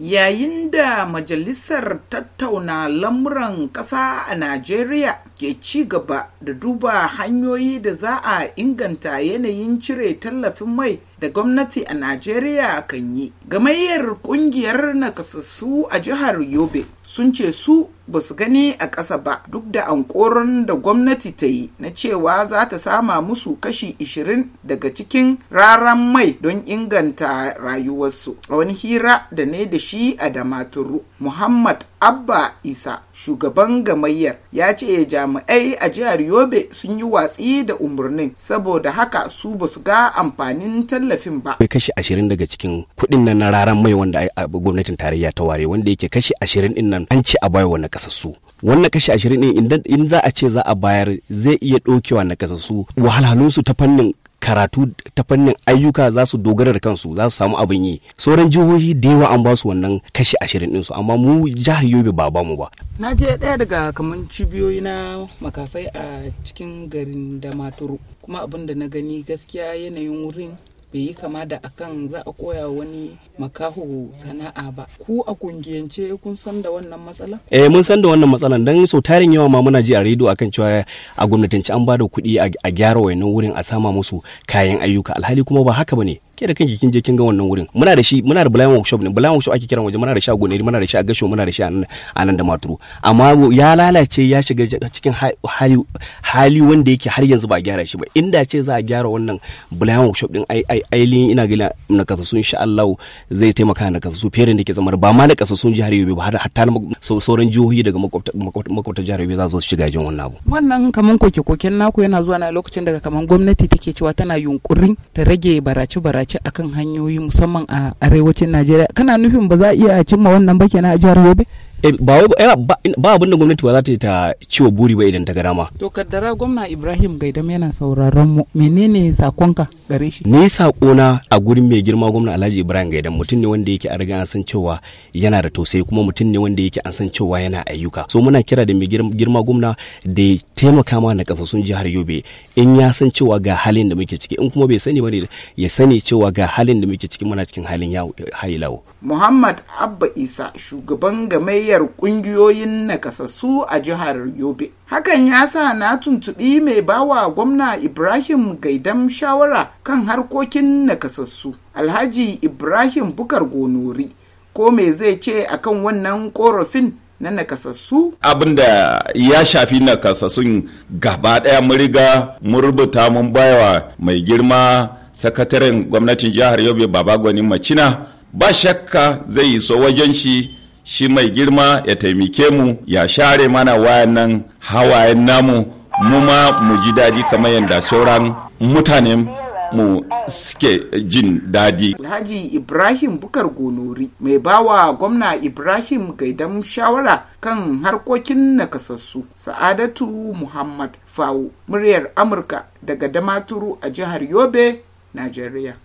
yayin da majalisar tattauna lamuran ƙasa a najeriya ke ci gaba da duba hanyoyi da za a inganta yanayin cire tallafin mai da gwamnati a Najeriya kan yi. Gamayyar kungiyar nakasassu a jihar Yobe sun ce su ba su gani a ƙasa ba duk da ankoron da gwamnati ta yi na cewa za ta sama musu kashi 20 daga cikin raran mai don inganta rayuwarsu. A wani hira da ne da shi a Damaturu, Muhammad Abba Isa, shugaban gamayyar, ya ce jami'ai a jihar Yobe sun yi watsi da umarnin saboda haka su ba su ga amfanin talaka tallafin ba bai kashi ashirin daga cikin kuɗin nan na raran mai wanda gwamnatin tarayya ta ware wanda yake kashi ashirin din nan an ce a bayar wa nakasassu wannan kashi ashirin din in za a ce za a bayar zai iya ɗaukewa nakasassu wahalhalunsu ta fannin karatu ta fannin ayyuka za su dogara da kansu za su samu abin yi sauran jihohi da yawa an ba su wannan kashi ashirin su amma mu jihar yobe ba ba mu ba na je ɗaya daga kamar cibiyoyi na makafai a cikin garin damaturu kuma abin da na gani gaskiya yanayin wurin bai yi kama da akan za a koya wani makaho sana'a ba ku a kungiyance kun san da wannan matsala eh mun san da wannan matsalan dan so tarin yawa ma muna ji a rediyo akan cewa a gwamnatance an bada kuɗi a gyara wayannan wurin a sama musu kayan ayyuka alhali kuma ba haka bane ke da kanki kin je kin ga wannan wurin muna da shi muna da blind workshop ne blind workshop ake kiran waje muna da shi a goneri muna da shi a gasho muna da shi a nan da maturu amma ya lalace ya shiga cikin hali hali wanda yake har yanzu ba gyara shi ba inda ce za a gyara wannan blind workshop din ai ai ainihin ina gina na kasasu insha Allah zai taimaka na kasasu fere da ke zama ba ma na kasasu jihar Yobe ba har hatta sauran jihohi daga makwabta jihar Yobe za su shiga jin wannan abu wannan kaman koke koken naku yana zuwa na lokacin daga kaman gwamnati take cewa tana yunkurin ta rage barace barace face akan hanyoyi musamman a arewacin najeriya kana nufin ba za a iya cimma wannan ba kenan a jihar yobe Eh, eh, ba ba abin da gwamnati ba za ta yi ta ciwo buri ba idan ta ga dama to kaddara gwamna Ibrahim Gaidam yana sauraron mu menene sakonka gare shi ni sakona a gurin mai girma gwamna Alhaji Ibrahim Gaidam mutum ne wanda yake a riga an san cewa yana da tausayi kuma mutum ne wanda yake an san cewa yana ayyuka so muna kira da mai girma gwamna da ya taimaka ma na kasassun jihar Yobe in ya san cewa ga halin da muke ciki in kuma bai sani ba ne ya sani cewa ga halin da muke ciki muna cikin halin lawo. Muhammad Abba Isa shugaban gamayyar gamayyar ƙungiyoyin nakasassu a jihar Yobe. Hakan ya sa na tuntubi mai bawa gwamna Ibrahim Gaidan shawara kan harkokin nakasassu, Alhaji Ibrahim Bukar Gonori, ko me zai ce akan wannan korafin na nakasassu? abinda ya shafi nakasassun gaba ɗaya mun riga mun mun bayawa mai girma sakataren gwamnatin jihar yobe baba gwani macina ba shakka zai iso wajen shi shi mai girma ya taimake mu ya share mana wayannan hawayen namu mu ma mu ji daɗi kamar yadda sauran mutanen mu suke jin daɗi. Alhaji Ibrahim Bukar Gonori mai bawa gwamna Ibrahim gaidan shawara kan harkokin nakasassu Sa'adatu Muhammad Fawo muryar Amurka daga Damaturu a jihar Yobe, Najeriya.